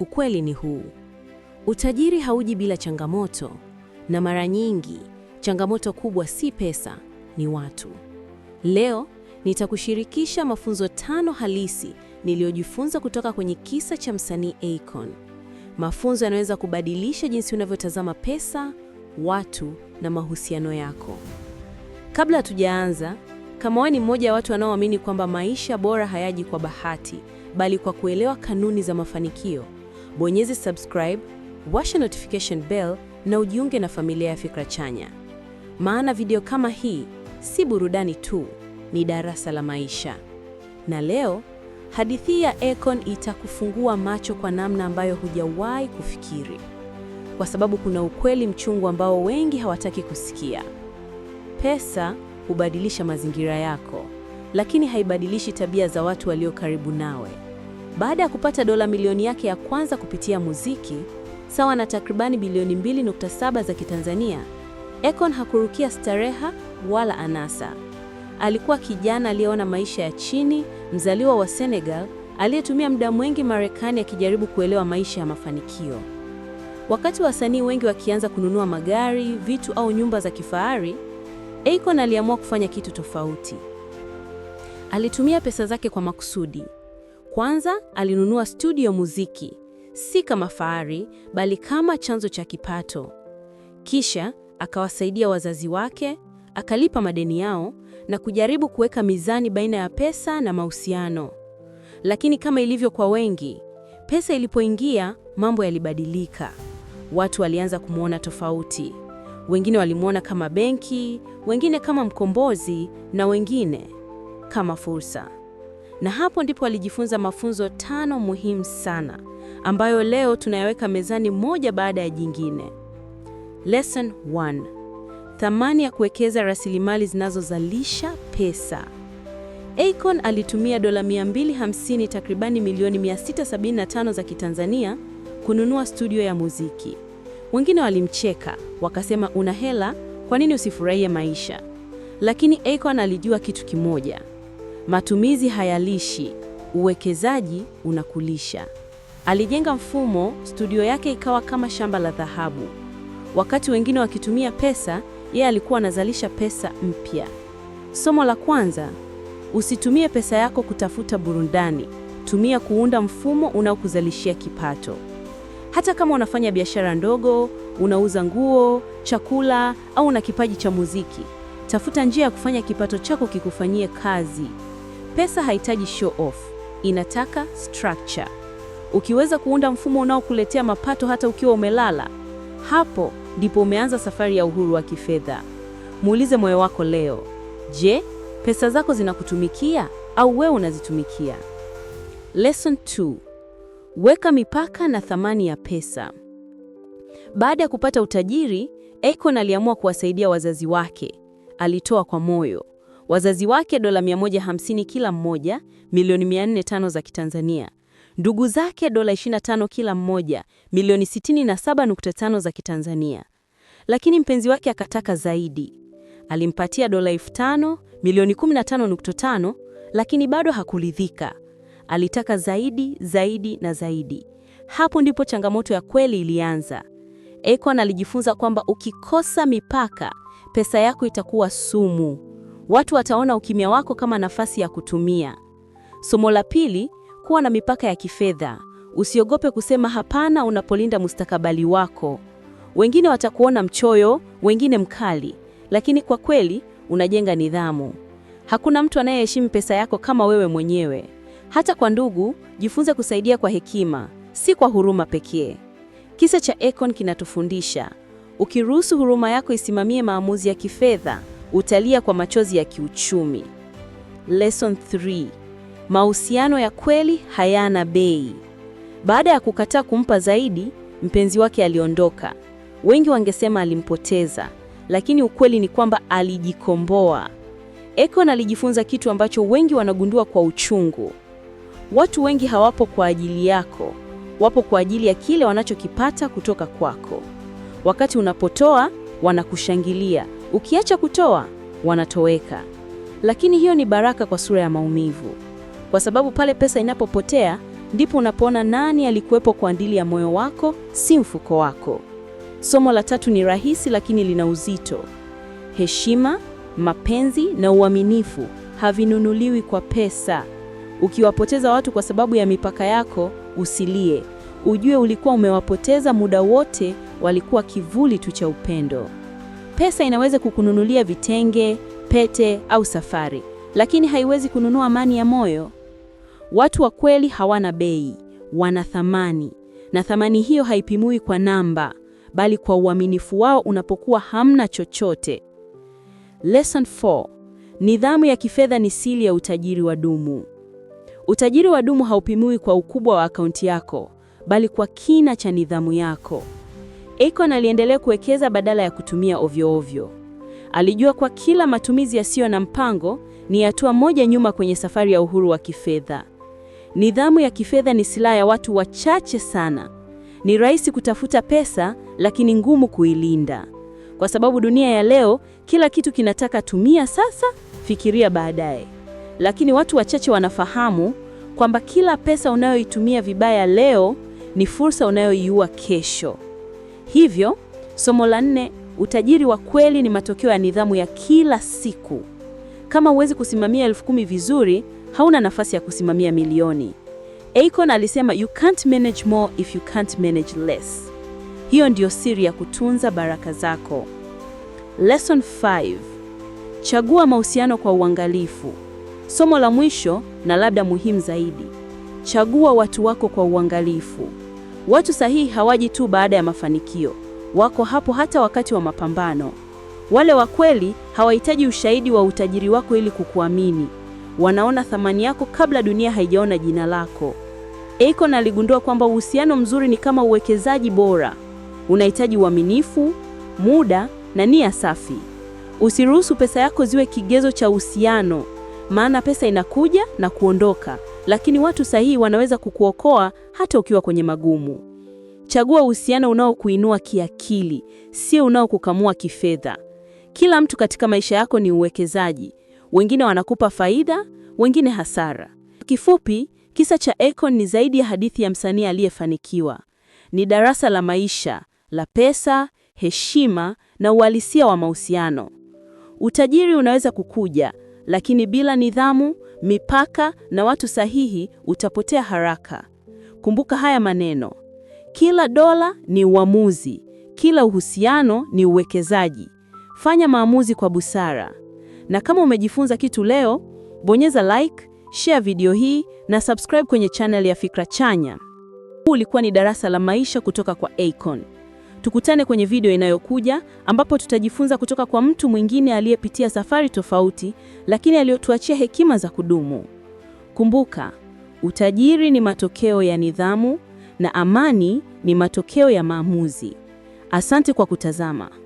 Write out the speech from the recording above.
Ukweli ni huu: utajiri hauji bila changamoto, na mara nyingi changamoto kubwa si pesa, ni watu. Leo nitakushirikisha mafunzo tano halisi niliyojifunza kutoka kwenye kisa cha msanii Akon. Mafunzo yanaweza kubadilisha jinsi unavyotazama pesa, watu na mahusiano yako. Kabla hatujaanza, kama wewe ni mmoja wa watu wanaoamini kwamba maisha bora hayaji kwa bahati, bali kwa kuelewa kanuni za mafanikio bonyeza subscribe, washa notification bell na ujiunge na familia ya Fikra Chanya, maana video kama hii si burudani tu, ni darasa la maisha. Na leo hadithi ya Econ itakufungua macho kwa namna ambayo hujawahi kufikiri, kwa sababu kuna ukweli mchungu ambao wengi hawataki kusikia. Pesa hubadilisha mazingira yako, lakini haibadilishi tabia za watu walio karibu nawe. Baada ya kupata dola milioni yake ya kwanza kupitia muziki, sawa na takribani bilioni 2.7 za Kitanzania, Akon hakurukia stareha wala anasa. Alikuwa kijana aliyeona maisha ya chini, mzaliwa wa Senegal aliyetumia muda mwingi Marekani akijaribu kuelewa maisha ya mafanikio. Wakati wasanii wengi wakianza kununua magari, vitu au nyumba za kifahari, Akon aliamua kufanya kitu tofauti. Alitumia pesa zake kwa makusudi. Kwanza alinunua studio muziki, si kama fahari, bali kama chanzo cha kipato. Kisha akawasaidia wazazi wake, akalipa madeni yao na kujaribu kuweka mizani baina ya pesa na mahusiano. Lakini kama ilivyo kwa wengi, pesa ilipoingia, mambo yalibadilika. Watu walianza kumwona tofauti. Wengine walimwona kama benki, wengine kama mkombozi na wengine kama fursa na hapo ndipo alijifunza mafunzo tano muhimu sana ambayo leo tunayaweka mezani moja baada ya jingine. Lesson 1: thamani ya kuwekeza rasilimali zinazozalisha pesa. Akon alitumia dola 250 takribani milioni 675 za Kitanzania kununua studio ya muziki. Wengine walimcheka wakasema, una hela, kwa nini usifurahie maisha? Lakini Akon alijua kitu kimoja Matumizi hayalishi, uwekezaji unakulisha. Alijenga mfumo, studio yake ikawa kama shamba la dhahabu. Wakati wengine wakitumia pesa, yeye alikuwa anazalisha pesa mpya. Somo la kwanza, usitumie pesa yako kutafuta burundani tumia kuunda mfumo unaokuzalishia kipato. Hata kama unafanya biashara ndogo, unauza nguo, chakula au una kipaji cha muziki, tafuta njia ya kufanya kipato chako kikufanyie kazi. Pesa haihitaji show off, inataka structure. Ukiweza kuunda mfumo unaokuletea mapato hata ukiwa umelala, hapo ndipo umeanza safari ya uhuru wa kifedha. Muulize moyo wako leo, je, pesa zako zinakutumikia au wewe unazitumikia? Lesson 2: weka mipaka na thamani ya pesa. Baada ya kupata utajiri, Akon aliamua kuwasaidia wazazi wake. Alitoa kwa moyo, wazazi wake dola 150 kila mmoja, milioni 405 za Kitanzania, ndugu zake dola 25 kila mmoja, milioni 67.5 za Kitanzania. Lakini mpenzi wake akataka zaidi, alimpatia dola 5000 milioni 15.5, lakini bado hakuridhika. Alitaka zaidi, zaidi na zaidi. Hapo ndipo changamoto ya kweli ilianza. Akon alijifunza kwamba ukikosa mipaka, pesa yako itakuwa sumu. Watu wataona ukimya wako kama nafasi ya kutumia. Somo la pili, kuwa na mipaka ya kifedha. Usiogope kusema hapana unapolinda mustakabali wako. Wengine watakuona mchoyo, wengine mkali, lakini kwa kweli unajenga nidhamu. Hakuna mtu anayeheshimu pesa yako kama wewe mwenyewe. Hata kwa ndugu, jifunze kusaidia kwa hekima, si kwa huruma pekee. Kisa cha Econ kinatufundisha, ukiruhusu huruma yako isimamie maamuzi ya kifedha utalia kwa machozi ya kiuchumi. Lesson 3: mahusiano ya kweli hayana bei. Baada ya kukataa kumpa zaidi, mpenzi wake aliondoka. Wengi wangesema alimpoteza, lakini ukweli ni kwamba alijikomboa. Akon alijifunza kitu ambacho wengi wanagundua kwa uchungu. Watu wengi hawapo kwa ajili yako, wapo kwa ajili ya kile wanachokipata kutoka kwako. Wakati unapotoa, wanakushangilia. Ukiacha kutoa, wanatoweka. Lakini hiyo ni baraka kwa sura ya maumivu, kwa sababu pale pesa inapopotea ndipo unapoona nani alikuwepo kwa ajili ya moyo wako, si mfuko wako. Somo la tatu ni rahisi lakini lina uzito. Heshima, mapenzi na uaminifu havinunuliwi kwa pesa. Ukiwapoteza watu kwa sababu ya mipaka yako, usilie. Ujue ulikuwa umewapoteza muda wote, walikuwa kivuli tu cha upendo. Pesa inaweza kukununulia vitenge, pete au safari, lakini haiwezi kununua amani ya moyo. Watu wa kweli hawana bei, wana thamani, na thamani hiyo haipimui kwa namba, bali kwa uaminifu wao unapokuwa hamna chochote. Lesson 4. Nidhamu ya kifedha ni siri ya utajiri wa dumu. Utajiri wa dumu haupimui kwa ukubwa wa akaunti yako, bali kwa kina cha nidhamu yako. Akon aliendelea kuwekeza badala ya kutumia ovyo ovyo. Alijua kwa kila matumizi yasiyo na mpango ni hatua moja nyuma kwenye safari ya uhuru wa kifedha. Nidhamu ya kifedha ni silaha ya watu wachache sana. Ni rahisi kutafuta pesa, lakini ngumu kuilinda, kwa sababu dunia ya leo kila kitu kinataka tumia sasa, fikiria baadaye. Lakini watu wachache wanafahamu kwamba kila pesa unayoitumia vibaya leo ni fursa unayoiua kesho. Hivyo, somo la nne, utajiri wa kweli ni matokeo ya nidhamu ya kila siku. Kama huwezi kusimamia elfu kumi vizuri, hauna nafasi ya kusimamia milioni. Akon alisema you can't manage more if you can't manage less. Hiyo ndiyo siri ya kutunza baraka zako. Lesson 5. Chagua mahusiano kwa uangalifu. Somo la mwisho na labda muhimu zaidi. Chagua watu wako kwa uangalifu. Watu sahihi hawaji tu baada ya mafanikio, wako hapo hata wakati wa mapambano. Wale wa kweli hawahitaji ushahidi wa utajiri wako ili kukuamini, wanaona thamani yako kabla dunia haijaona jina lako. Akon aligundua kwamba uhusiano mzuri ni kama uwekezaji bora, unahitaji uaminifu, muda na nia safi. Usiruhusu pesa yako ziwe kigezo cha uhusiano, maana pesa inakuja na kuondoka lakini watu sahihi wanaweza kukuokoa hata ukiwa kwenye magumu. Chagua uhusiano unaokuinua kiakili, sio unaokukamua kifedha. Kila mtu katika maisha yako ni uwekezaji, wengine wanakupa faida, wengine hasara. Kifupi, kisa cha Akon ni zaidi ya hadithi ya msanii aliyefanikiwa, ni darasa la maisha, la pesa, heshima na uhalisia wa mahusiano. Utajiri unaweza kukuja, lakini bila nidhamu mipaka na watu sahihi, utapotea haraka. Kumbuka haya maneno: kila dola ni uamuzi, kila uhusiano ni uwekezaji. Fanya maamuzi kwa busara. Na kama umejifunza kitu leo, bonyeza like, share video hii na subscribe kwenye channel ya Fikra Chanya. Huu ulikuwa ni darasa la maisha kutoka kwa Akon. Tukutane kwenye video inayokuja ambapo tutajifunza kutoka kwa mtu mwingine aliyepitia safari tofauti, lakini aliyotuachia hekima za kudumu. Kumbuka, utajiri ni matokeo ya nidhamu na amani ni matokeo ya maamuzi. Asante kwa kutazama.